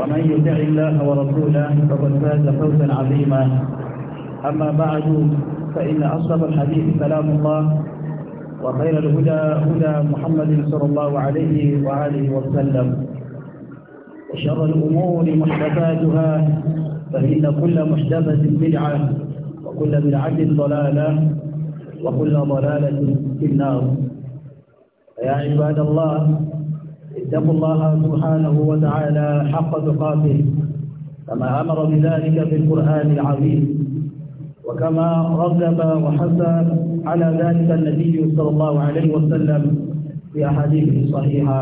ومن يطع الله ورسوله فقد فاز فوزا عظيما أما بعد فإن أصدق الحديث كلام الله وخير الهدى هدى محمد صلى الله عليه وآله وسلم وشر الأمور محدثاتها فإن كل محدثة بدعة وكل بدعة ضلالة وكل ضلالة في النار يا عباد الله اتقوا الله سبحانه وتعالى حق تقاته كما أمر بذلك في القرآن العظيم وكما رغب وحث على ذلك النبي صلى الله عليه وسلم في أحاديثه الصحيحة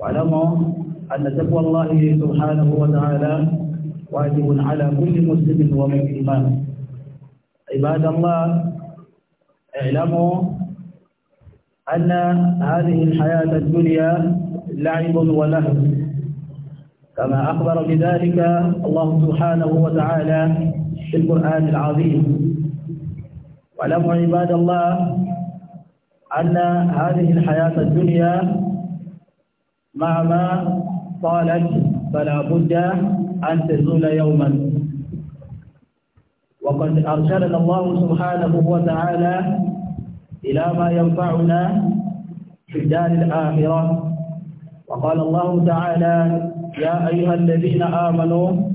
واعلموا أن تقوى الله سبحانه وتعالى واجب على كل مسلم ومؤمن عباد الله اعلموا أن هذه الحياة الدنيا لعب ولهو كما أخبر بذلك الله سبحانه وتعالى في القرآن العظيم ولم عباد الله أن هذه الحياة الدنيا مع ما طالت فلا بد أن تزول يوما وقد أرسلنا الله سبحانه وتعالى إلى ما ينفعنا في الدار الآخرة وقال الله تعالى يا أيها الذين آمنوا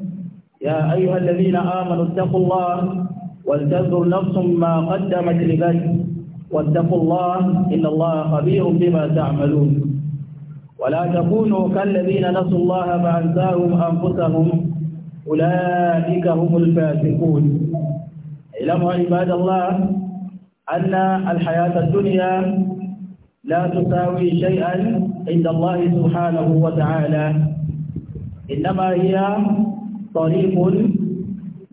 يا أيها الذين آمنوا اتقوا الله ولتنظر نفس ما قدمت لغد واتقوا الله إن الله خبير بما تعملون ولا تكونوا كالذين نسوا الله فأنساهم أنفسهم أولئك هم الفاسقون اعلموا عباد الله أن الحياة الدنيا لا تساوي شيئا عند الله سبحانه وتعالى إنما هي طريق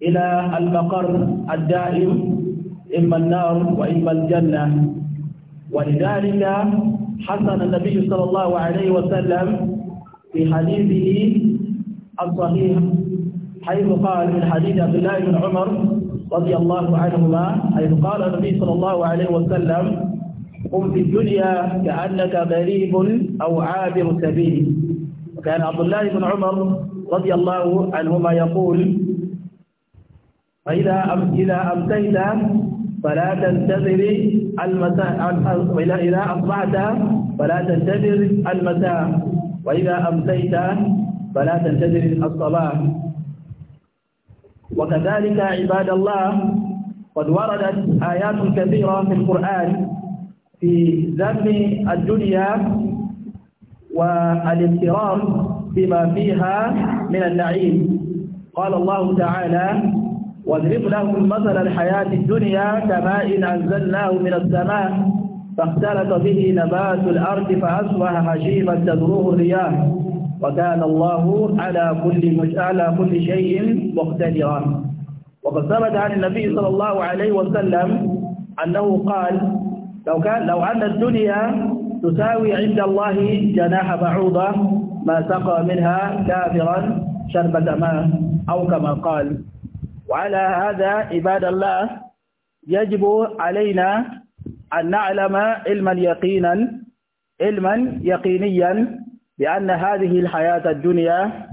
إلى المقر الدائم إما النار وإما الجنة ولذلك حسن النبي صلى الله عليه وسلم في حديثه الصحيح حيث قال من حديث عبد الله بن عمر رضي الله عنهما حيث قال النبي صلى الله عليه وسلم قم في الدنيا كأنك غريب أو عابر سبيل وكان عبد الله بن عمر رضي الله عنهما يقول فإذا إذا أمسيت فلا تنتظر المساء إذا أصبحت فلا تنتظر المساء وإذا أمسيت فلا تنتظر الصباح وكذلك عباد الله قد وردت آيات كثيرة في القرآن في ذم الدنيا والاغترار بما فيها من النعيم قال الله تعالى واضرب لهم مثل الحياة الدنيا كماء إن أنزلناه من السماء فاختلط به نبات الأرض فأصبح هشيما تذروه الرياح وكان الله على كل على كل شيء مقتدرا وقد ثبت عن النبي صلى الله عليه وسلم أنه قال لو كان لو أن الدنيا تساوي عند الله جناح بعوضة ما سقى منها كافرا شربة ماء أو كما قال وعلى هذا عباد الله يجب علينا أن نعلم علما يقينا علما يقينيا بأن هذه الحياة الدنيا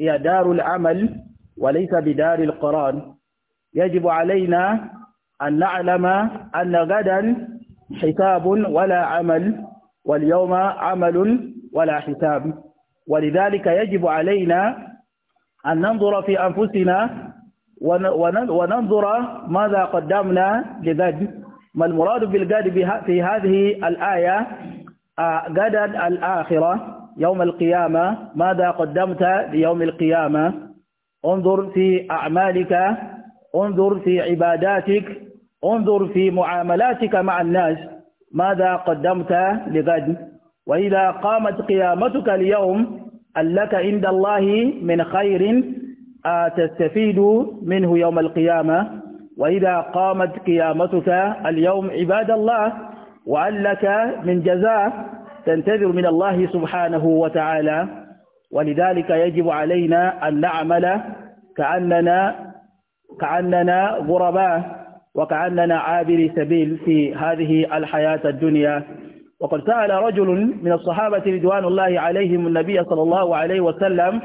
هي دار العمل وليس بدار القرار يجب علينا أن نعلم أن غدا حساب ولا عمل واليوم عمل ولا حساب ولذلك يجب علينا أن ننظر في أنفسنا وننظر ماذا قدمنا لغد ما المراد بالغد في هذه الآية آه، غدا الآخرة يوم القيامة ماذا قدمت ليوم القيامة انظر في أعمالك انظر في عباداتك انظر في معاملاتك مع الناس ماذا قدمت لغد وإذا قامت قيامتك اليوم أن لك عند الله من خير تستفيد منه يوم القيامة وإذا قامت قيامتك اليوم عباد الله وأن لك من جزاء تنتظر من الله سبحانه وتعالى ولذلك يجب علينا أن نعمل كأننا كأننا غرباء وكأننا عابري سبيل في هذه الحياة الدنيا وقد سأل رجل من الصحابة رضوان الله عليهم النبي صلى الله عليه وسلم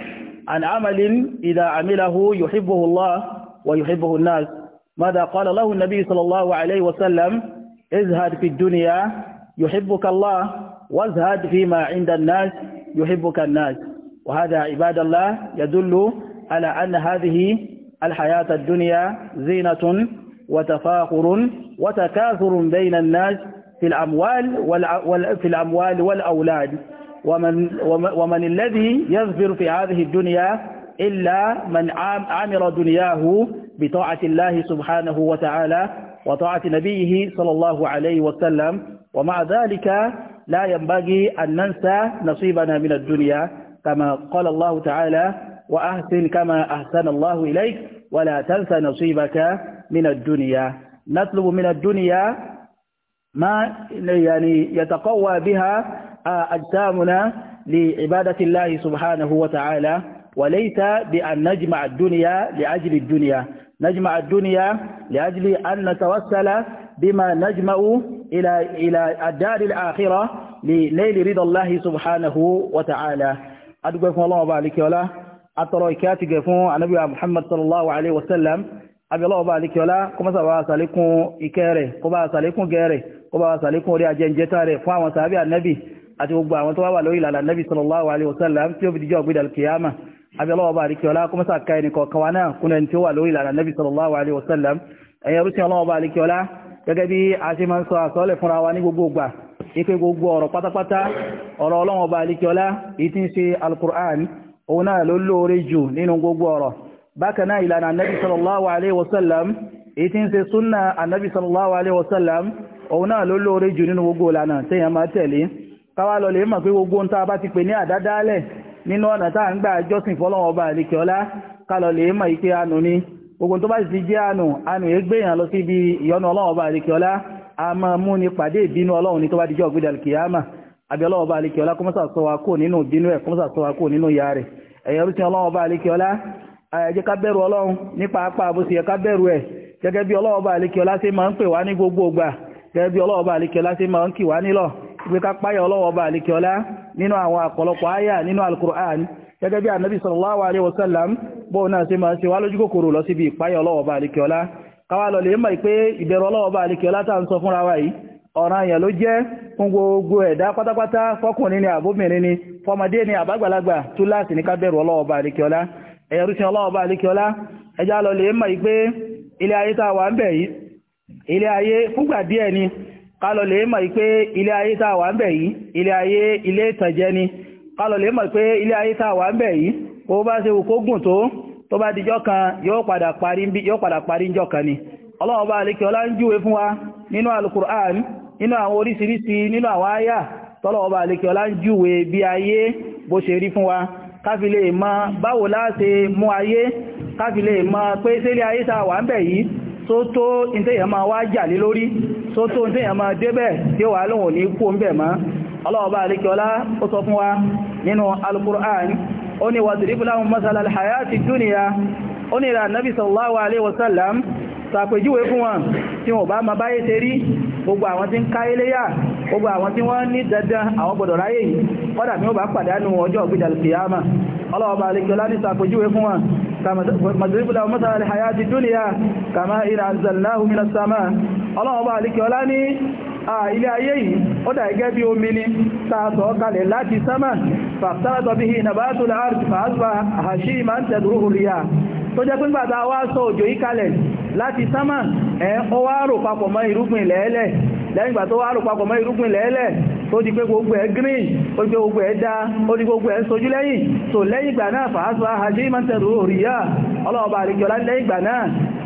عن عمل إذا عمله يحبه الله ويحبه الناس ماذا قال له النبي صلى الله عليه وسلم اذهب في الدنيا يحبك الله وازهد فيما عند الناس يحبك الناس وهذا عباد الله يدل على أن هذه الحياة الدنيا زينة وتفاخر وتكاثر بين الناس في الأموال في الأموال والأولاد ومن ومن الذي يظفر في هذه الدنيا إلا من عمر دنياه بطاعة الله سبحانه وتعالى وطاعة نبيه صلى الله عليه وسلم ومع ذلك لا ينبغي أن ننسى نصيبنا من الدنيا كما قال الله تعالى وأحسن كما أحسن الله إليك ولا تنسى نصيبك من الدنيا نطلب من الدنيا ما يعني يتقوى بها أجسامنا لعبادة الله سبحانه وتعالى وليس بأن نجمع الدنيا لأجل الدنيا نجمع الدنيا لأجل أن نتوسل بما نجمع إلى إلى الدار الآخرة لليل رضا الله سبحانه وتعالى أدعوكم الله وبارك ولا أترويكات قفون عن النبي محمد صلى الله عليه وسلم أبي الله وبارك ولا كما سبا سالكم إكاره كما سالكم غيره كما سالكم ريا جنجتاره فما سابع النبي أتوقع أن توا ولو النبي صلى الله عليه وسلم في يوم الجواب إلى القيامة أبي الله وبارك ولا كما سكاين كوانا كنا نتوا ولو إلى النبي صلى الله عليه وسلم أي رسول الله وبارك ولا gẹ́gẹ́ bí a ṣe máa ń sọ àsọ́lẹ̀ fúnra wa ní gbogbo ìgbà ipé gbogbo ọ̀rọ̀ pátápátá ọ̀rọ̀ ọlọ́run ọba alikiola ìtí ń ṣe alukur'an òun náà ló lóore jù nínú gbogbo ọ̀rọ̀ bákan ìlànà anabi sallallahu alayhi wa sallam ìtí ń ṣe sallallahu alayhi wa sallam òun náà ló lóore jù nínú gbogbo ìlànà téèyàn máa tẹ̀lé káwá ti pè ní àdádálẹ̀ nínú ọ̀nà tá à ń gbà jọ́sìn fọlọ́run ọba alikiola ká ni gbogbo tó bá ti jẹ́ àánú àánú ègbèyàn lọ sí ibi ìyọnu ọlọ́run ọba àríkíọlá a máa mú ni pàdé ìbínú ọlọ́run ní tó bá di jọ́ ògbédà kìyàmà àbí ọlọ́run ọba àríkíọlá kó mọ́sà sọ wa kó nínú ìbínú ẹ̀ kó mọ́sà sọ wa kó nínú ìyà rẹ̀ ẹ̀yẹ rúṣin ọlọ́run ọba àríkíọlá ẹ jẹ́ ká bẹ̀rù ọlọ́run nípa apá àbòsí ẹ̀ ká bẹ̀rù ẹ̀ gẹ́gẹ́ bí ọlọ́run ọba àríkíọlá ṣe máa ń pè wá ní gbogbo ìgbà gẹ́gẹ́ bí ọlọ́run ọba àríkíọlá ṣe máa ń kì gẹ́gẹ́ bí ànábì sallallahu alaihi wasallam bóun náà ṣe máa ṣe wá lójú kòkòrò lọ síbi ìpáyà ọlọ́wọ́ba àlekèọlá káwá lọ lè mọ̀ pé ìbẹ̀rù ọlọ́wọ́ba àlekèọlá tá à ń sọ fúnra wa yìí ọ̀ràn èèyàn ló jẹ́ fún gbogbo ẹ̀dá pátápátá ni ni fọmọdé ni àbágbàlagbà túláàsì ní kálọ̀ lè mọ̀ pé ilé ayé tá ń bẹ̀ yìí bá ṣe wù kó gùn tó tó bá dijọ́ kan yóò padà parí yóò padà parí ń jọ kan ni ọlọ́ọ̀bá alẹ́kẹ́ ọlá ń júwe fún wa nínú alukur'an nínú àwọn oríṣiríṣi nínú àwọn àyà tọ́lọ̀ọ̀bá alẹ́kẹ́ ọlá ń ọlọ́ọ̀bá alikiola ó sọ fún wa nínú alukur'an ó ní wàzìrífù láhùn masala alhayati duniya ó ní ìrà nabi sallallahu alaihi wasallam sàpèjúwe fún wọn tí wọ́n bá ma báyé ṣe rí gbogbo àwọn tí ń ká iléyà gbogbo àwọn tí wọ́n ní dandan àwọn gbọdọ̀ ráyè yìí kọ́dà tí wọ́n bá pàdánù ọjọ́ ọ̀gbìdà kìyàmà ọlọ́ọ̀bà alẹ́kọ́lá ní sàpèjúwe ní ilé ayé yìí ó dà gẹ́gẹ́ bí omi ni tààtọ̀ kalẹ̀ láti sánmà fàtàràtọ̀ bí i nàbátò láàrín fàásùfà àṣí ìmá ń ríà tó jẹ́ pín bàtà wá sọ òjò yìí kalẹ̀ láti sánmà ẹ̀ ó wá rò papọ̀ mọ́ irúgbìn lẹ́ẹ̀lẹ̀ lẹ́yìn ìgbà tó wá rò papọ̀ mọ́ irúgbìn lẹ́ẹ̀lẹ̀ tó di pé gbogbo ẹ̀ green ó di pé gbogbo ẹ̀ ó di gbogbo ẹ̀ sojú lẹ́yìn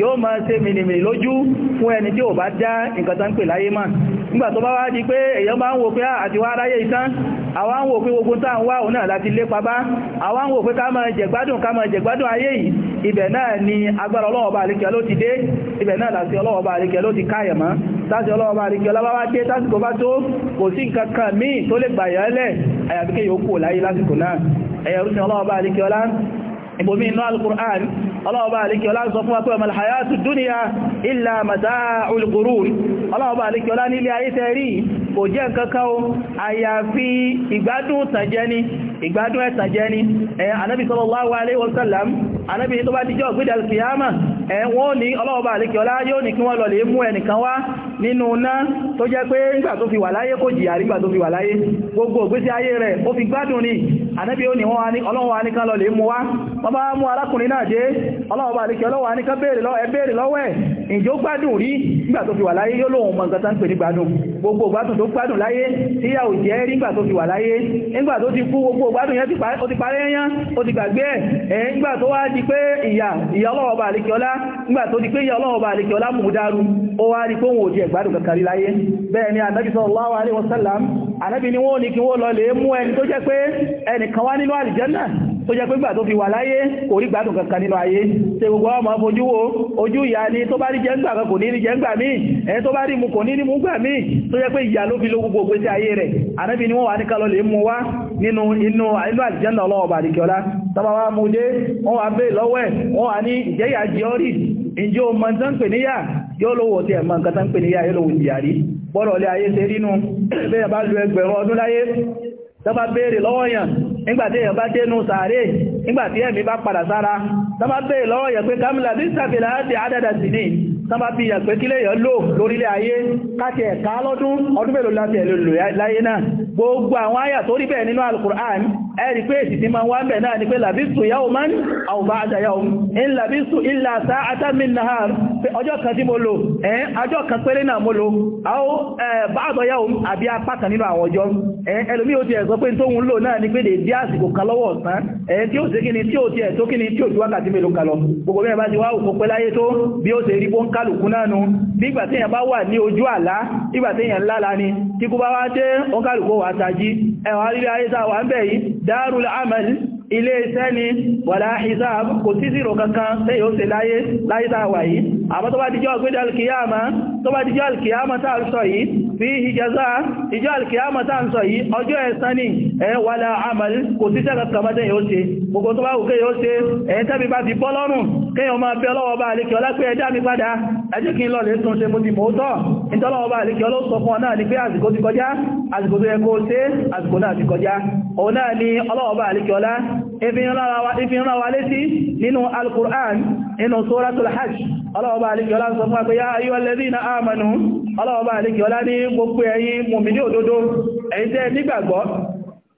yóò ma ṣe mìnìmìnì lójú fún ẹni tí ò bá já nǹkan tán pè láyé mà nígbà tó bá wá di pé èyàn bá ń wò pé ah, àti wá aráyé ìtán àwa ń wò pé gbogbo tán wá òun náà láti lépa bá àwa ń wò pé ká máa jẹ̀gbádùn ká máa jẹ̀gbádùn ayé yìí ibẹ̀ náà ni agbára àríkẹ́ ló ti dé ibẹ̀ náà láti ìbomi inú al-Qur'an ọlọ́ọ̀bá alékẹ́ ọlá ń sọ fún wa pé ọmọ alhayatu dúníyà illa mata'ul ghurur ọlọ́ọ̀bá alékẹ́ ọlá nílé ayé tẹ́rí kò jẹ́ kankan àyàfi ìgbádùn tàjẹni ìgbádùn ẹ̀tàjẹni ẹ̀ anábi sallallahu alaihi wasallam anábi tó bá díjọ́ gbídà al-qiyama ẹ̀ wọ́n ní ọlọ́ọ̀bá alékẹ́ ọlá yóò ní kí wọ́n lọ lè mú ẹnìkan wá ànábí ó ní wọ́n wá ní ọlọ́run wá ní kán lọ lè mú wá wọ́n bá mú arákùnrin náà dé ọlọ́run bá lè kí ọlọ́run ní kán béèrè lọ́wọ́ ìjọ gbádùn rí nígbà tó fi wà láyé yóò lóhun mọ nǹkan tán pè ní gbádùn gbogbo gbádùn tó gbádùn láyé tí yà ò jẹ́ rí nígbà tó fi wà láyé nígbà tó ti kú gbogbo gbádùn yẹn ó ti parẹ́ yán ó ti gbàgbé ẹ̀ nígbà tó wá di pé ìyà ìyà ọlọ́ọ̀bà àlekíọlá nígbà tó di ni Ànábì sallallahu tó jẹ́ pé gbà tó fi wà láyé kò rí gbádùn kankan nínú ayé ṣe gbogbo ọmọ fojú wo ojú ìyá ni tó bá rí jẹ́ ńgbà kan kò ní rí jẹ́ ńgbà ẹni tó bá rí mu kò ní rí mu ńgbà míì tó jẹ́ pé ìyá ló fi lo gbogbo ìgbésí ayé rẹ̀ ànábì ni wọ́n wà ní kálọ̀ lè mú wá nínú inú inú àlìjẹ́nà ọlọ́ọ̀bà àdìkọ́lá tọ́ba wa mú dé wọ́n wà bẹ́ẹ̀ lọ́wọ́ ẹ̀ wọ́n wà ní ìjẹ́yà jẹ́ọ́rì ìjọ mọ̀ tán pè níyà yóò lówó tí ẹ̀mọ̀ nǹkan tán pè níyà yóò lówó ìyàrí bọ́rọ̀ ilé lọ́wọ́ yàn nígbàtí èyàn bá dénú sàárè nígbàtí ẹ̀mí bá padà sára tọ́bá bèèrè lọ́wọ́ yẹ̀ pé kamila bí sàfihàn àti àdádà sí ní sábà bí ìyàgbé kílé èèyàn lò lórílẹ̀ ayé káti ẹ̀ka lọ́dún ọdún mélòó láti ẹ̀lò láyé náà gbogbo àwọn àyà tó rí bẹ́ẹ̀ nínú alukur'an ẹ̀rí pé èsì tí ma wá ń bẹ̀ náà ni pé labistu yawman aw ba'da yawm in labistu illa sa'atan min nahar pé ọjọ́ kan tí mo lò ẹ́n ọjọ́ kan péré náà mo lò aw ba'da yawm àbí apá kan nínú àwọn ọjọ́ ẹlòmí ó ti ẹ̀ sọ pé tó ń lò náà ni pé dèdí àsìkò kan lọ́wọ́ ọ̀sán ẹ̀yẹn tí ó ṣe kíni tí ó ti ẹ̀ tó ni tí ó ju wákàtí mélòó kan lọ gbogbo mẹ́rin bá ti wá òkú pẹ́ láyé tó bí ó ṣe rí kálùkù náà nù bí ìgbà tí èyàn bá wà ní ojú àlá ìgbà tí èyàn lála ni tí kú bá wá dé ọkálùkù wà tàjí ẹwà rírí ayé sáwà ń bẹ̀ yìí dárul amal ilé iṣẹ́ ni wàlá hisab kò sí zero kankan tẹ́ yóò ṣe láyé láyé sáwà alkiyama tó bá dijọ́ alkiyama sáà sọ fi ìjẹzá ìjọ́ alkiyama ta ń sọ yìí ọjọ́ ẹ̀san ni ẹ wàlá àmàlì kò sí tẹ́gà kàmàtẹ́ yóò ṣe gbogbo tó bá wù kéyò ṣe ẹ̀ tẹ́bí bá ti bọ́ lọ́rùn kéyàn máa bẹ́ ọlọ́wọ́ bá alékẹ́ ọlá pé ẹjá mi padà ẹjẹ́ kí n lọ lè tún ṣe mo ti mọ́ọ́tọ́ ìtọ́lọ́wọ́ bá alékẹ́ ọlọ́sọ fún ọ̀nà ní pé àsìkò ti kọjá àsìkò tó yẹ kó ṣe àsìkò náà ti kọjá òun náà ni ọlọ́wọ́ bá alékẹ́ ọlá ìfihàn wa létí nínú Al-Qur'an nínú Suratul Hajj ọlọ́ọ̀bá alìkíọ́lá sọ fún àpẹyà ayyuhalladhina amanu ọlọ́ọ̀bá alìkíọ́lá ní gbogbo ẹ̀yin mùmínì òdodo ẹ̀yin tẹ́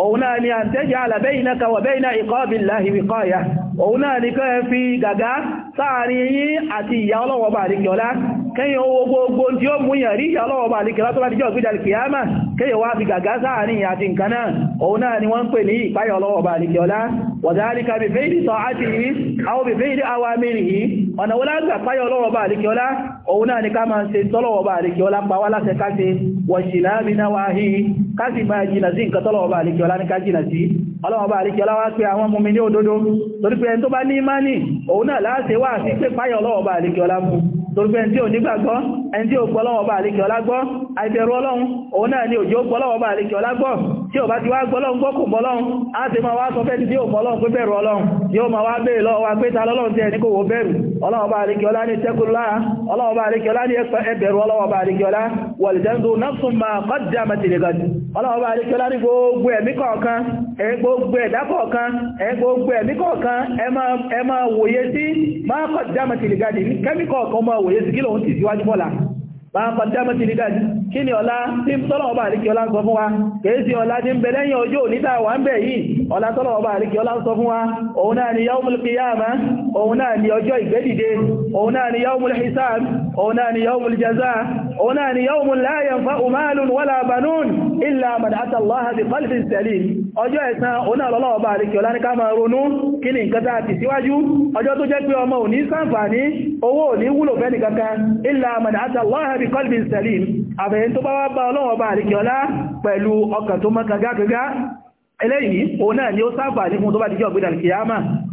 هنا أن تجعل بينك وبين عقاب الله وقايه òun náà ní kẹ́ fi gàgá sáàrin yí àti ìyà ọlọ́wọ́ bá àríkẹ̀ ọlá kẹ́yìn owó gbogbo tí ó mú yàn rí ìyà ọlọ́wọ́ bá àríkẹ̀ látọ́lá díjọ́ ìgbìjà kìyàmà kẹ́yìn wá fi gàgá sáàrin yà àti nǹkan náà òun náà ni wọ́n ń pè ní ìpáyà ọlọ́wọ́ bá àríkẹ̀ ọlá wàdáríkà bí fèèrè sọ àti yìí àwọn bí fèèrè ọlọ́wọ́ bá àríkẹ́ ọlọ́wọ́ pé àwọn mọ̀mí ní òdodo torí pé ẹni tó bá ní ìmánì òun náà láàṣẹ wà sí pé páyọ̀ ọlọ́wọ́ bá àríkẹ́ ọlá fún torí pé ẹni tí ò nígbàgbọ́ ẹni tí ò gbọ́ ọlọ́wọ́ bá àríkẹ́ ọlá gbọ́ àìbẹ̀rù ọlọ́run òun náà ni òjò gbọ́ ọlọ́wọ́ bá àríkẹ́ ọlá gbọ́ tí ò bá ti wá gbọ́lọ́run gbọ́ ọlọ́ọ̀bá àríkíọlá ní tẹ́kùnlá ọlọ́ọ̀bá àríkíọlá ní ẹgbẹ̀rún ọlọ́ọ̀bá àríkíọlá wọ̀lìdẹ́ndù náfùnmá kọjá mẹ́tìlẹ̀gọ́dì ọlọ́ọ̀bá àríkíọlá ní gbogbo ẹ̀mí kọ̀ọ̀kan ẹgbogbo ẹ̀dá kọ̀ọ̀kan ẹgbogbo ẹ̀mí kọ̀ọ̀kan ẹ máa wòye sí máa kọjá mẹ́tìlẹ̀gọ́dì kẹ́míkọ̀ọ̀kan máa wòye sí kí lóhun ti síwájú bọ́lá máa ń pàtí àmọ́tí ní dájú kí ni ọlá tí tọ́lọ̀ọba àríkì ọlá ń sọ fún wa kèé sí ọlá tí ń bẹ lẹ́yìn ọjọ́ níta wà ń bẹ̀ yìí ọlá tọ́lọ̀ọba àríkì ọlá ń sọ fún wa òun náà ni yaumul qiyama òun náà ni ọjọ́ ọjọ́ ẹ̀san oná lọ́lọ́wọ́ bá àríkẹ̀ ọlá ní ká máa ronú kí ni nǹkan tàà ti síwájú ọjọ́ tó jẹ́ pé ọmọ ò ní ṣàǹfààní owó ò ní wúlò fẹ́ nìkankan illa man ata Allaha bi qalbin salim àfẹ́yìn tó bá wá bá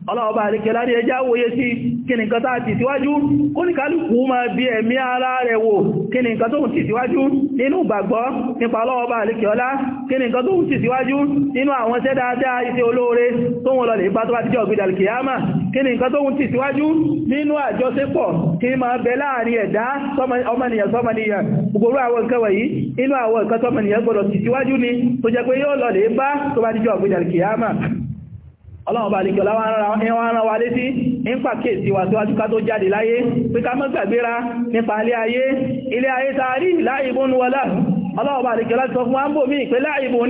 ọlọ́ọ̀bá àríkẹ lárí ẹjá wòye sí kí ni nǹkan tàà ti síwájú kó ní kálùkù máa bí ẹ̀mí ara rẹ̀ wò kí ni nǹkan tó ń ti síwájú nínú gbàgbọ́ nípa ọlọ́ọ̀bá àríkẹ ọlá kí ni nǹkan tó ń ti síwájú nínú àwọn iṣẹ́ dáadáa iṣẹ́ olóore tó wọn lọlẹ̀ ìbá tó bá tíjọ́ gbìdàlì kìyàmà kí ni nǹkan tó ń ti síwájú nínú àjọṣepọ̀ kí máa bẹ láàrin ẹ̀dá ọmọnìyàn sọmọnìyàn gbogbo àwọn nǹkan wọ̀nyí inú àwọn nǹkan tọmọnìyàn gbọdọ̀ ti síwájú ni tó jẹ́ pé yóò lọlẹ̀ bá tó bá tíjọ́ gbìdàlì kìyàmà ọlọ́run bá lè rán wa létí ń pàkèsí wa síwájú ká tó jáde láyé pé ká má gbàgbéra nípa ilé ayé ilé ayé tààrí láìbùn wọlá ọlọ́run bá lè sọ fún wa bò mí ìpé láìbùn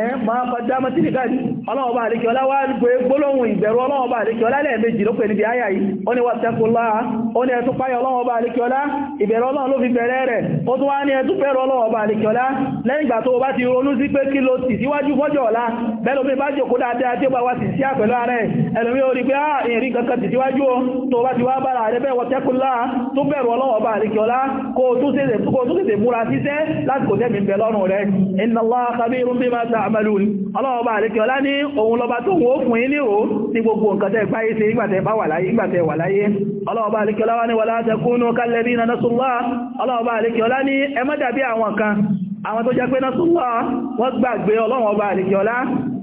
ẹ̀ẹ́n máa bá dámọ́ tí nìkan ní ọlọ́ọ̀bá àríkẹ́ ọlá wá gbólóhùn ìbẹ̀rù ọlọ́ọ̀bá àríkẹ́ ọlá lẹ́ẹ̀mejì ló pè níbi ayà yìí ó ní wàtẹ́kùnlá ó ní ẹ̀tún páyọ ọlọ́ọ̀bá àríkẹ́ ọlá ìbẹ̀rù ọlọ́ọ̀ ló fi bẹ̀rẹ̀ rẹ̀ ó tún wá ní ẹ̀tún bẹ̀rù ọlọ́ọ̀bá àríkẹ́ ọlá lẹ́yìn ìgbà tó o bá ti ronú sí pé kí ló tì síwájú fọ́jọ́ ọ̀la bẹ́lómi bá jòkó dáadáa tí ó bá wá sì sí àpẹ̀lú ààrẹ ẹlòmí ó rí pé á ah, ìrìn kankan tì síwájú o tó o bá ti wá bára rẹ bẹ́ẹ̀ wọ́tẹ́kùnlá tó bẹ̀rù ọlọ́ọ̀bá àríkẹ́ ọlá kó o tún tètè múra síṣẹ́ láti kò tẹ́mi bẹ̀ lọ́rùn rẹ̀ inna Allah khabirun bima ta ta'malun ọlọ́ọ̀bá àríkẹ́ọlá ní ohun lọba tó wọ́n fún yín níhò ní gbogbo nǹkan tẹ́ gbáyé sí ìgbàtẹ̀ bá wà láyé ìgbàtẹ̀ wà láyé ọlọ́ọ̀bá àríkẹ́ọlá ní wala takunu kalladhina nasullah ọlọ́ọ̀bá àríkẹ́ọlá ní ẹ má dàbí àwọn kan àwọn tó jẹ́ pé náà súnmọ́ wọ́n gbàgbé ọlọ́run ọba àríkíọlá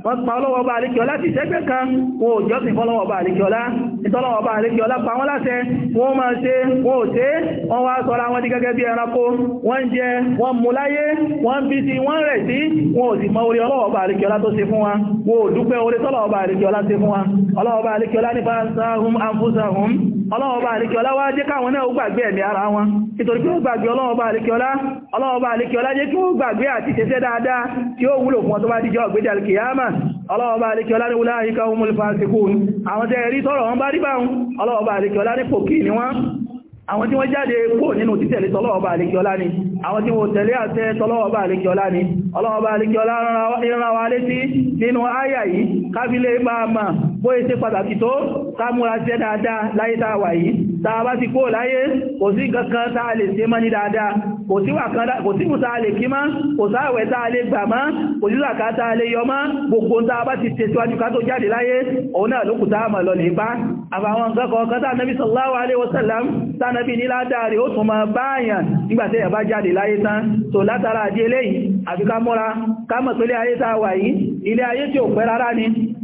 wọ́n pa ọlọ́wọ́ bá alékiọlá ti ṣẹ́gbẹ́ kan wọn ò jọ́sìn fọ́lọ́wọ́ bá alékiọlá ìtọ́lọ́wọ́ bá alékiọlá pa wọ́n láṣẹ wọ́n máa ṣe wọ́n ò ṣe wọ́n wá sọ́ra wọn di gẹ́gẹ́ bí ẹranko wọ́n jẹ wọ́n mú láyé wọ́n bí sí wọ́n rẹ̀ sí wọn ò sì mọ orí ọlọ́wọ́ bá alékiọlá tó ṣe fún wa wọn ò dúpẹ́ orí tọ́lọ́wọ́ bá alékiọlá ṣe fún wa ọlọ́wọ́ bá alékiọlá nípa sáhùn anfúsahùn ọlọ́ọ̀bá àríkíọlá wá jẹ́ káwọn náà ó gbàgbé ẹ̀mí ara wọn nítorí pé ó gbàgbé ọlọ́ọ̀bá àríkíọlá ọlọ́ọ̀bá àríkíọlá jẹ́ kí ó gbàgbé àti ṣẹṣẹ́ dáadáa tí ó wúlò fún ọdún bá díjọ́ ọ̀gbẹ́jà àwọn tí wọ́n jáde kúrò nínú títẹ̀lé tọ́lọ́ọ̀bá àríkíọlá ni àwọn tí wọ́n tẹ̀lé àṣẹ tọ́lọ́ọ̀bá àríkíọlá ni ọlọ́ọ̀bá àríkíọlá ìran wa létí nínú àyà yìí kábílé máa mà bóyí sí pàtàkì tó ká múra dáadáa láyé tá yìí tàà bá ti kó láyé kò sí kankan tàà lè ṣe mọ́ ní dáadáa kò sí mùsàá lè kí máa kò sáàwẹ̀ tàà lè gbà máa kò sí zàká tàà lè yọ máa gbogbo tàà bá ti tẹ̀síwájú ká tó jáde láyé òun náà lókù tàà mọ̀ lọ lè bá àbáwọn kankan kan tàà nàbí sallallahu alaihi wasallam tàà nàbí ní ládàrí ó tún máa báyàn nígbàtí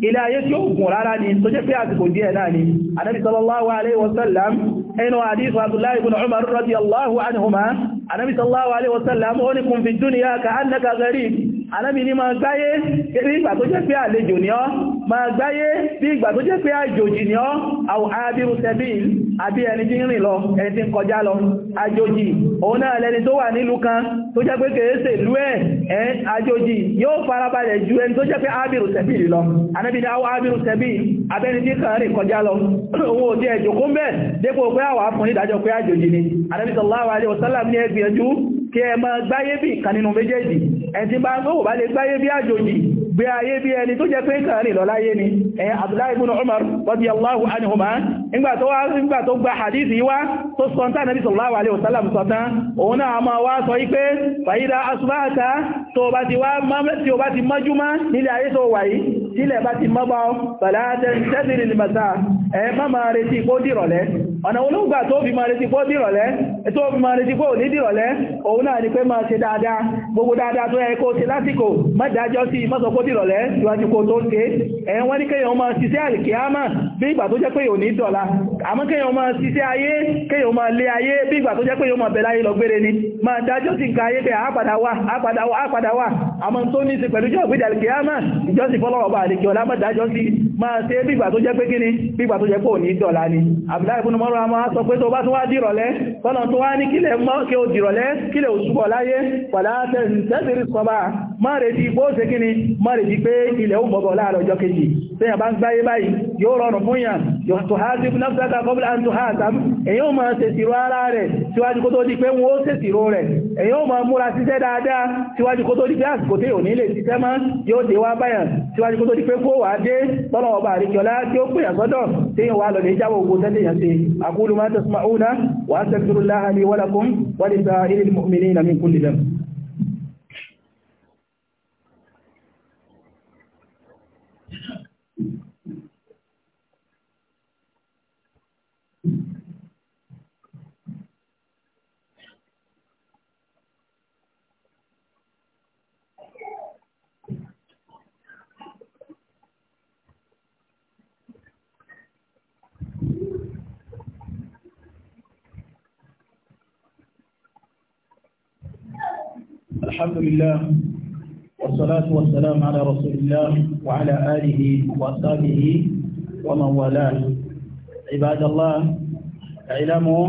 ilé ayé tí ó gùn rárá ni tó jẹ́ pé àsìkò díẹ̀ náà ni anábi sallallahu alaihi wasallam ẹnu àdísù abdullahi ibn umar radiyallahu anhuma anábi sallallahu alaihi wasallam ó ní kun fi dúnìyà ka annaka gharib anábi ni ma gbáyé bí ìgbà tó jẹ́ pé àlejò ni ọ́ ma gbáyé bí ìgbà tó jẹ́ pé àjòjì ni ọ́ aw abiru àbí ẹni tí ń rìn lọ ẹni tí ń kọjá lọ àjòjì òun náà lẹni tó wà nílùú kan tó jẹ́ pé kèése ìlú ẹ̀ àjòjì yóò farabalẹ̀ ju ẹni tó jẹ́ pé ábìrù sẹ̀bì lọ anábì ní àwọn ábìrù sẹ̀bì abẹ́ni tí kan rìn ni anábì sallallahu alaihi wasallam ní ẹgbìyànjú kí ẹ máa gbáyé bí ìkan gbé ayé bí ẹni tó jẹ́ pé kàrí lọ láyé ni ẹ̀yà Abdullahi ibn Umar radiyallahu anhuma ìgbà tó wá nígbà tó gba hadithi wá tó sọ́ntá nàbí sallallahu alaihi wasallam sọ́tán òun náà ma wá sọ ipé fàídà asubáta tó bá ti wá tí ó bá ti mọ́júmá nílé ayé tó wà yìí sílẹ̀ bá ti mọ́bọ̀ ma má máa retí ipò dìrọ̀lẹ́ ọ̀nà olóògbà tó fi máa retí ipò dìrọ̀lẹ́ tó fi máa retí ipò ní dìrọ̀lẹ́ òun náà ni pé máa ṣe dáadáa gbogbo dáadáa tó yẹ kó ṣe lásìkò má dájọ́ sí mọ́sọ̀kó dìrọ̀lẹ́ ìwájú kó tó ké ẹ̀ wọ́n kéèyàn máa ṣiṣẹ́ àlìkíámà bí ìgbà tó jẹ́ pé dọ̀la àmọ́ kéèyàn máa ṣiṣẹ́ ayé kéèyàn máa ìgbà tó jẹ́ pò ní dọ̀lá ni Abdullahi ibn Umar a máa sọ pé tó bá tún wá dìrọ̀lẹ́ tọ́nà tó wá ní kílẹ̀ mọ́ kí o dìrọ̀lẹ́ kílẹ̀ ò ṣúbọ̀ láyé pàdá tẹ́sìrì sọba má retí bó ṣe kíni má retí pé ilẹ̀ ó mọ́bọ̀ láàrọ̀ ọjọ́ kejì tẹ́yà bá ń gbáyé báyìí yóò rọrùn fún yàn yóò tó há sí náfíàkà kọ́bílá tó há àtàmù èyí ó máa ṣèṣirò ara rẹ̀ síwájú kó tó di pé wọ́n ó ṣèṣirò rẹ̀ èyí ó máa múra tí ó pè àgọ́dọ̀ تي والو ني جابو غوتاتي اقول ما تسمعون واستغفر الله لي ولكم ولسائر المؤمنين من كل ذنب الحمد لله والصلاة والسلام على رسول الله وعلى آله وصحبه ومن والاه عباد الله اعلموا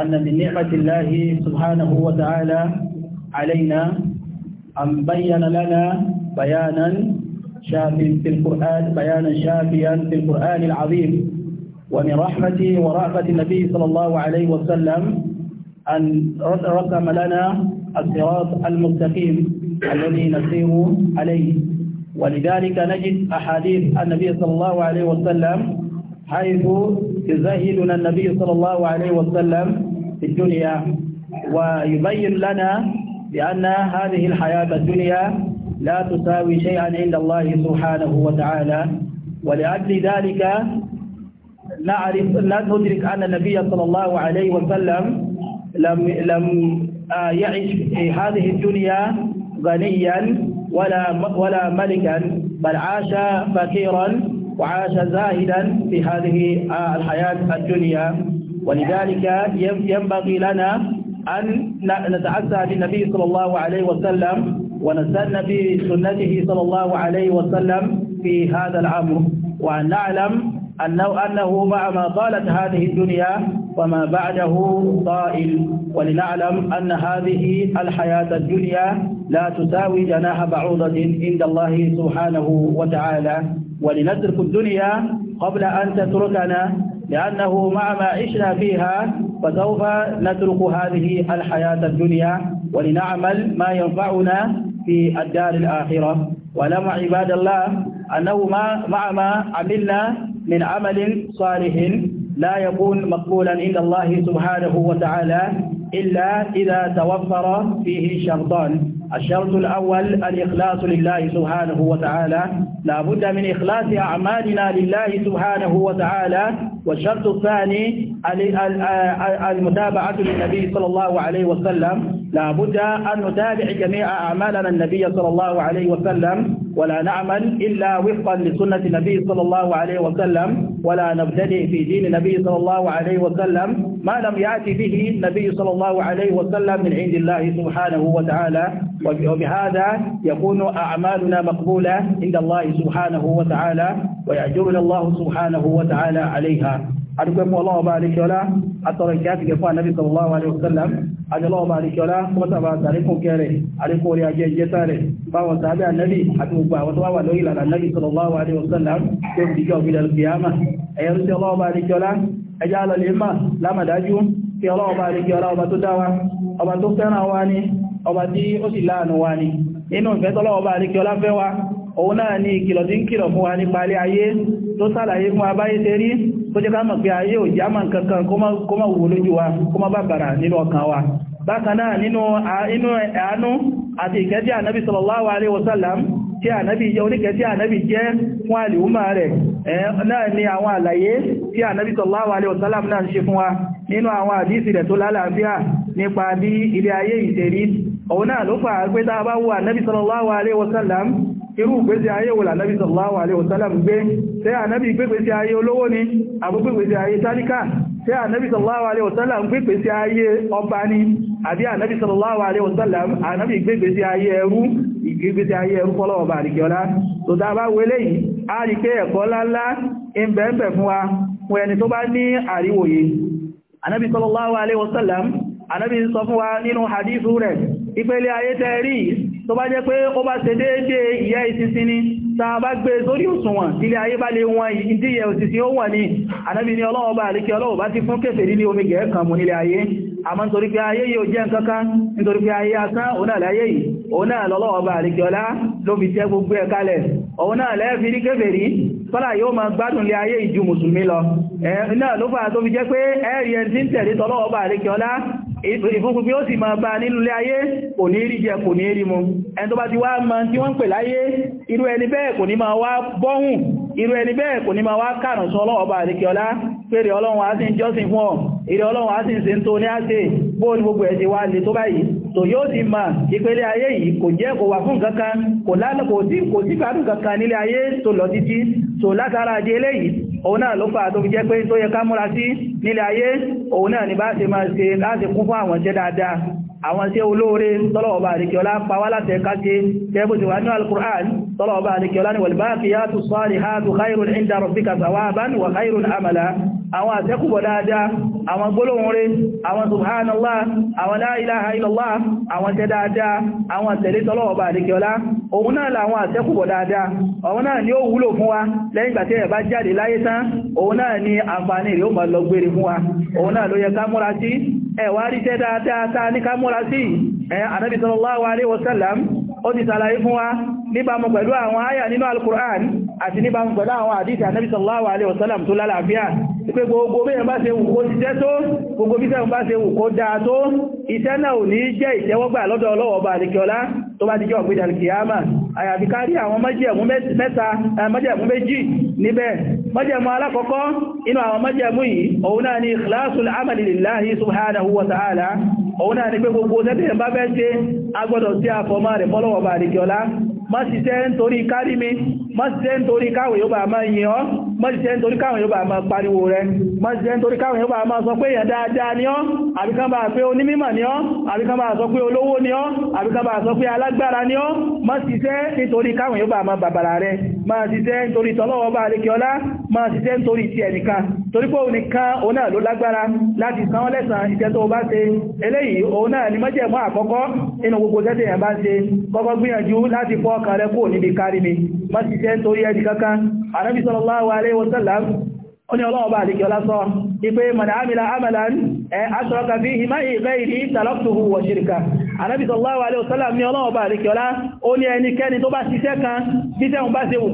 أن من نعمة الله سبحانه وتعالى علينا أن بين لنا بيانا شافيا في القرآن بيانا شافيا في القرآن العظيم ومن رحمة ورأفة النبي صلى الله عليه وسلم أن رسم لنا الصراط المستقيم الذي نسير عليه ولذلك نجد أحاديث النبي صلى الله عليه وسلم حيث يزهدنا النبي صلى الله عليه وسلم في الدنيا ويبين لنا بأن هذه الحياة الدنيا لا تساوي شيئا عند الله سبحانه وتعالى ولأجل ذلك نعرف لا ندرك أن النبي صلى الله عليه وسلم لم لم آه، يعيش في هذه الدنيا غنيا ولا ولا ملكا بل عاش فقيرا وعاش زاهدا في هذه آه، الحياة الدنيا ولذلك ينبغي لنا أن نتعزى بالنبي صلى الله عليه وسلم ونستنى بسنته صلى الله عليه وسلم في هذا الأمر وأن نعلم أنه, أنه مع ما طالت هذه الدنيا وما بعده طائل ولنعلم أن هذه الحياة الدنيا لا تساوي جناح بعوضة عند الله سبحانه وتعالى ولنترك الدنيا قبل أن تتركنا لأنه مع ما عشنا فيها فسوف نترك هذه الحياة الدنيا ولنعمل ما ينفعنا في الدار الآخرة ولمع عباد الله أنه ما مع ما عملنا من عمل صالح لا يكون مقبولا عند الله سبحانه وتعالى إلا إذا توفر فيه شرطان الشرط الأول الإخلاص لله سبحانه وتعالى لا بد من إخلاص أعمالنا لله سبحانه وتعالى والشرط الثاني المتابعة للنبي صلى الله عليه وسلم لا بد أن نتابع جميع أعمالنا النبي صلى الله عليه وسلم ولا نعمل إلا وفقا لسنة النبي صلى الله عليه وسلم ولا نبتدئ في دين النبي صلى الله عليه وسلم ما لم يأتي به النبي صلى الله عليه وسلم من عند الله سبحانه وتعالى وبهذا يكون أعمالنا مقبولة عند الله سبحانه وتعالى ويعجرنا الله سبحانه وتعالى عليها adúgbẹ́ fún ọlọ́wọ́ bá alékiọlá àtọrọ ìkẹ́ àti gẹ̀fún ànábì sallallahu alaihi wasallam ajọlọ́wọ́ bá alékiọlá kọ́tàbà àtàríkùn kẹrẹ àríkùn orí ajẹ́ ìjẹta rẹ̀ báwọn sàábẹ́ ànábì àti gbogbo àwọn tó ẹjá lọ lè mà lámàdájú kí ọlọ́wọ́ bá ọba tó dáwa ọba tó fẹ́ràn wa ni ọba tí ó sì láàánú wa ni inú ìfẹ́ tọ́lọ́wọ́ fẹ́ wa òun náà ni ìkìlọ̀ tí ń kìlọ̀ fún wa nípa alé ayé tó sàlàyé fún abáyé tẹ́rí tó jẹ́ ká mọ̀ pé ayé ò já máa kankan kó má wò lójú wa kó má bàbàrà nínú ọkàn wa bákan náà nínú àánú àti ìkẹ́ ànábì sallallahu alaihi wasallam tí ànábì jẹ́ oníkẹ́ tí ànábì jẹ́ fún àlìúmà rẹ̀ náà ni àwọn àlàyé tí ànábì sallallahu alaihi wasallam náà ń ṣe fún wa nínú àwọn àdísì rẹ̀ tó lálàáfíà nípa bí ilé ayé ìṣèrí òun náà ló fà á pé tá a bá wo ànábì sallallahu alaihi wasallam irú ìgbésí ayé wò lànàbí sallallahu alaihi wasallam gbé tẹ́ ànábí ìgbésí ayé olówó ni àbúgbésí ayé tálíkà tẹ́ ànábí sallallahu alaihi wasallam gbésí ayé ọba ni àbí ànábí sallallahu alaihi wasallam ànábí ìgbésí ayé ẹrú ìgbésí ayé ẹrú fọ́lọ́wọ́ bá àríkẹ́ọlá tó dá bá wọlé yìí a rí pé ẹ̀kọ́ láńlá ń bẹ̀ẹ̀bẹ̀ fún wa fún ẹni tó tó bá jẹ́ pé ó bá ṣe déédé ìyá ìsinsin ni tàà bá gbé sórí òṣùwọ̀n ilé ayé bá lè wọn ìdíyẹ òṣìṣẹ́ ó wà ní ànábì ní ọlọ́wọ́ bá àríkẹ́ ọlọ́wọ́ bá ti fún kèfèrí ní omi gẹ̀ẹ́kan mú nílé ayé àmọ́ nítorí pé ayé yóò jẹ́ nǹkankan nítorí pé ayé asán òun náà láyé yìí òun náà lọ́lọ́wọ́ bá àríkẹ́ ọlá ló fi tẹ́ gbogbo ẹ̀ kalẹ̀ ìfúnkúnfí ó sì máa bá nílùlé ayé kò ní rí jẹ kò ní rí mu ẹni tó bá ti wá ma tí wọ́n ń pè láyé irú ẹni bẹ́ẹ̀ kò ní máa wá bọ́hùn irú ẹni bẹ́ẹ̀ kò ní máa wá kàrùn sọ ọlọ́wọ́ bá àríkẹ́ ọlá pèrè ọlọ́run á sì ń jọ́sìn fún ọ ìrẹ ọlọ́run òun náà ló fà tó fi jẹ́ pé tó yẹ ká múra sí nílé ayé òun náà ni bá ṣe máa ṣe láti kún fún àwọn jẹ́ dáadáa àwọn tí olóore tọ́lọ̀ọba àríkíọlá pàwà láti ẹka ṣe tẹ́bù ti wà ní al-Qur'an tọ́lọ̀ọba àríkíọlá ni wal-baqiyatu s-salihatu khayrun 'inda rabbika thawaban wa khayrun amala àwọn àtẹ́kùbọ̀ dáadáa àwọn gbólóhùn rẹ̀ àwọn subhanallah àwọn la ilaha illallah àwọn tẹ́ dáadáa àwọn tẹ̀lé tọ́lọ̀ọba àríkíọlá òun náà làwọn àtẹ́kùbọ̀ dáadáa òun náà ni ó wúlò fún wa lẹ́yìn gbàtẹ́ ẹ̀bá jáde láyé tán òun ẹ̀wà rí tẹ́ dáadáa ta ní ká múra sí ẹ̀ Ànábì sallallahu alaihi wasallam ó ti sàlàyé fún wa níbàmù pẹ̀lú àwọn àyà nínú al-Qur'an àti níbàmù pẹ̀lú àwọn àdíṣà Ànábì sallallahu alaihi wasallam tó lálàáfíà pé gbogbo bẹ́yàn bá ṣe wù kó ṣiṣẹ́ tó gbogbo bí sẹ́wọ̀n bá ṣe wù kó níbẹ̀ májẹ̀mú alákọ̀ọ́kọ́ inú àwọn májẹ̀mú yìí òun náà ni ikhlasul amali lillahi subhanahu wa ta'ala òun náà ni pé gbogbo tẹ́tẹ̀ bá bẹ́ ṣe agbọ́dọ̀ sí àfọ́mọ́ rẹ̀ fọ́lọ́wọ̀ bá rí mọ́jíṣẹ́ nítorí káwọn yóò bá máa pariwo rẹ̀ mọ́jíṣẹ́ nítorí káwọn yóò bá máa sọ pé èèyàn dáadáa ni ọ́ àbíkán bá pé onímímọ̀ ni ọ́ àbíkán bá sọ pé olówó ni ọ́ àbíkán bá sọ pé alágbára ni ọ́ mọ́ṣiṣẹ́ nítorí káwọn yóò bá máa bàbàrà rẹ̀ máa ṣiṣẹ́ nítorí tọ́lọ́wọ́ bá àríkẹ́ ọlá máa ṣiṣẹ́ nítorí ti ẹnìkan torí pé òun nìkan òun náà ló lágbára láti san lẹ́sàn iṣẹ́ tó bá ṣe eléyìí òun náà ni mọ́jẹ̀mọ́ àkọ́kọ́ inú gbogbo tẹ́tẹ̀ yẹn bá ṣe kọ́kọ́ gbìyànjú láti fọ́ ọkàn rẹ kúrò níbi kárí mi má nítorí ẹnì kankan Ànábì sallallahu alaihi wasallam ó ní ọlọ́ọ̀bá àdíkẹ́ ọlásọ́ ipé mọ̀dá àmìlà àmàlàn ẹ̀ asọ́ọ̀kà bí i máa ìgbẹ́ ìrí tàlọ́tùhù wọ̀ ṣìrìkà Ànábì sallallahu alaihi wasallam ní ọlọ́ọ̀bá àdíkẹ́ ọlá ó ní ẹnikẹ́ni tó bá ṣiṣẹ́ kan bí tẹ́hùn bá ṣe wù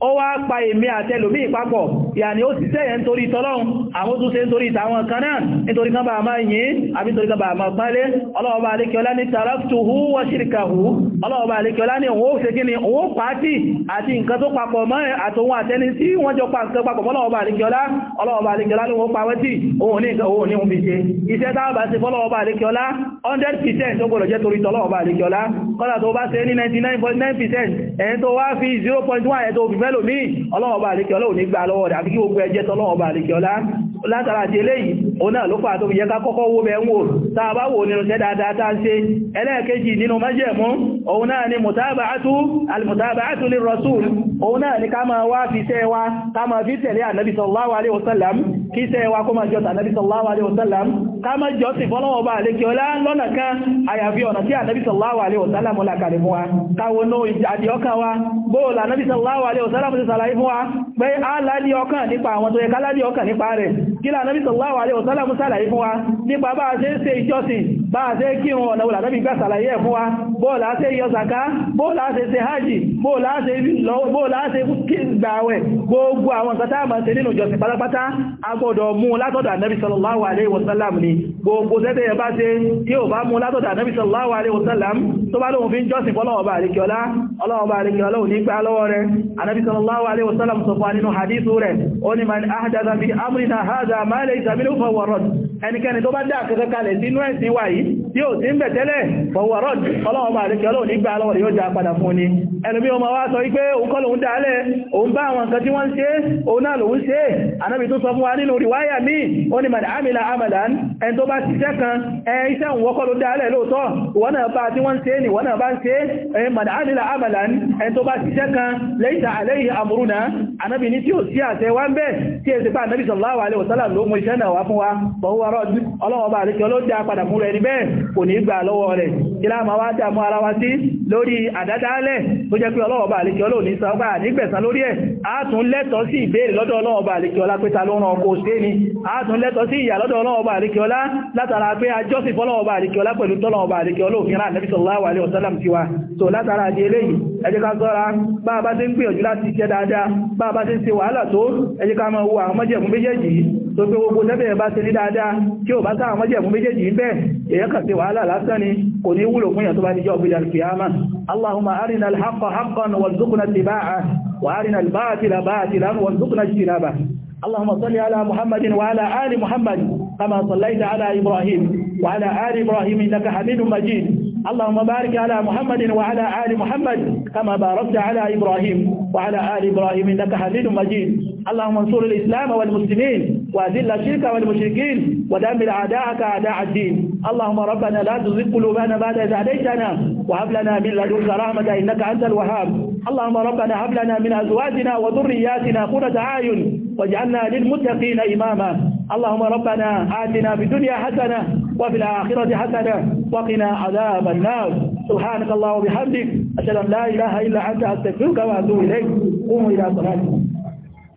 ó wá pa èmi àtẹlòmí ìpapọ̀ yàní ó ti sẹ́yẹ̀ nítorí tọ́lọ́run àwọn tó ṣe nítorí ìtàwọn kan náà nítorí kan bá máa yìí àbí nítorí kan bá máa pálé ọlọ́ọ̀bá alékiọlá ní taraktuhu wa shirkahu ọlọ́ọ̀bá alékiọlá ní òun ó ṣe kíni òun ó pàátì àti nǹkan tó papọ̀ mọ́ àtòun àtẹni tí wọ́n jọ pa nǹkan papọ̀ mọ́lọ́ọ̀bá alékiọlá ọlọ́ọ̀bá alékiọlá ló wọ́n pa wẹ́tì òun ní nǹkan òun ní òun fi ṣe iṣẹ́ tá a bá ṣe fọ́lọ́ọ̀bá alékiọlá 100% ó gbọ́dọ̀ jẹ́ torí tọ́lọ́ọ̀bá alékiọlá kọ́lá tó bá ṣe ní 99.9% tó wá fi 0.1 ẹ̀ tó fi ṣùgbẹ́ lómi ọlọ́ọ̀bá àríkẹ́ ọlọ́ọ̀ ní gbà lọ́wọ́ rẹ̀ àfi kí gbogbo ẹjẹ́ tọ́lọ́ọ̀bá àríkẹ́ ọlá látara àti eléyìí òun náà ló fà tó fi yẹ ká kọ́kọ́ wó bẹ̀ ń wò tàà bá wò nínú tẹ́ tàà ń ṣe ẹlẹ́ẹ̀kejì nínú májẹ̀mú òun náà ni mùtábàátú alìmùtábàátú lirrasul òun náà ni ká máa wá fi tẹ́ wa ká máa fi tẹ̀lé ànábì sallallahu alaihi kí iṣẹ́ wa kó máa jọta ànábì sallallahu alaihi wasallam ká máa jọ sí fọ́lọ́wọ́ bá àlékí ọlá lọ́nà kan àyàfi ọ̀nà tí ànábì sallallahu alaihi wasallam mọ́lá kàrí fún wa káwọ ní ìjàdí ọkàn wa bóòlù ànábì sallallahu alaihi wasallam ti sàlàyé fún a lálí ọkàn nípa àwọn tó yẹ ká lálí ọkàn nípa rẹ̀ kí lànábì alaihi wasallam sàlàyé fún wa nípa bá a bá a ṣe kí wọn ọ̀nà olàdẹ́bí gbá sàlàyé ẹ̀ fún wa bóòlá ṣe yọ sàká bóòlá ṣe ṣe hajji bóòlá ṣe kí gbàwẹ̀ gbogbo àwọn nǹkan táàmà ṣe nínú ìjọsìn pátápátá agbọ́dọ̀ mú látọ̀dọ̀ ànẹ́bí sallallahu alaihi wasallam ni gbogbo sẹ́tẹ̀ yẹ bá ṣe tí ò bá mú látọ̀dọ̀ ànẹ́bí sallallahu sọ ẹnikẹ́ni tó bá dá àkẹ́kẹ́ kalẹ̀ sínú ẹ̀sìn wà yìí tí ó sí ń bẹ̀ tẹ́lẹ̀ fọwọ́ rọ́d ọlọ́wọ́ bá àríkẹ́ ọlọ́wọ́ nígbà alọ́wọ́ yóò já padà fún ni ẹlùmí ọmọ wá sọ wípé òun kọ́ lòun dálẹ̀ òun bá àwọn nǹkan tí wọ́n ń ṣe òun náà lòun ṣe anábì tó sọ fún wa nínú rìwáyà míì ó ní màdà àmìlà àmàdàn ẹni tó bá sí àṣẹ ń bẹ̀ tí èsì pa anábì sallallahu alaihi wasallam ló mú iṣẹ́ náà wá fún wa rọ́jú ọlọ́wọ́ bá àríkẹ́ ló dá padà fún rẹ̀ ní bẹ́ẹ̀ kò ní gbà lọ́wọ́ rẹ̀ kí láàmà wá dàmú ara wa sí lórí àdádálẹ̀ tó jẹ́ pé ọlọ́wọ́ bá àríkẹ́ ló ní sọ́gbà nígbẹ̀sán lórí ẹ̀ àátún lẹ́tọ̀ sí ìbéèrè lọ́dọ̀ ọlọ́wọ́ bá àríkẹ́ ọlá pé ta ló ràn ọkọ̀ òṣè ni àátún lẹ́tọ̀ sí ìyà lọ́dọ̀ ọlọ́wọ́ bá àríkẹ́ ọlá látara pé ajọ́sì fọ́lọ́wọ́ bá àríkẹ́ ọlá pẹ̀lú tọ́lọ́wọ́ bá àríkẹ́ olóòfin rà nẹ́bí sallallahu alaihi wasallam tiwa so látara di eléyìí ẹ jẹ́ ká sọ́ra bá a bá ti ń gbìyànjú láti ṣe dáadáa bá a bá ti tó pé gbogbo tẹ́bẹ̀ẹ́ bá ṣe ní dáadáa kí o bá sáà mọ́jẹ̀mú méjèèjì ń bẹ́ èyàn kà sí wàhálà lásán ni kò ní wúlò fún èyàn tó bá ní jọ́ gbìyànjú kìyàmá اللهم أرنا الحق حقا وارزقنا اتباعه وأرنا الباطل باطلا وارزقنا اجتنابه اللهم صل على محمد وعلى آل محمد كما صليت على إبراهيم وعلى آل إبراهيم إنك حميد مجيد اللهم بارك على محمد وعلى آل محمد كما باركت على إبراهيم وعلى آل إبراهيم إنك حميد مجيد اللهم انصر الإسلام والمسلمين وأذل الشرك والمشركين ودمر أعداءك أعداء الدين اللهم ربنا لا تزغ قلوبنا بعد إذ هديتنا وهب لنا من لدنك رحمة إنك أنت الوهاب اللهم ربنا هب لنا من أزواجنا وذرياتنا قرة أعين واجعلنا للمتقين إماما اللهم ربنا آتنا في الدنيا حسنة وفي الآخرة حسنة وقنا عذاب النار سبحانك الله وبحمدك أشهد أن لا إله إلا أنت أستغفرك وأتوب إليك قوموا إلى صلاتكم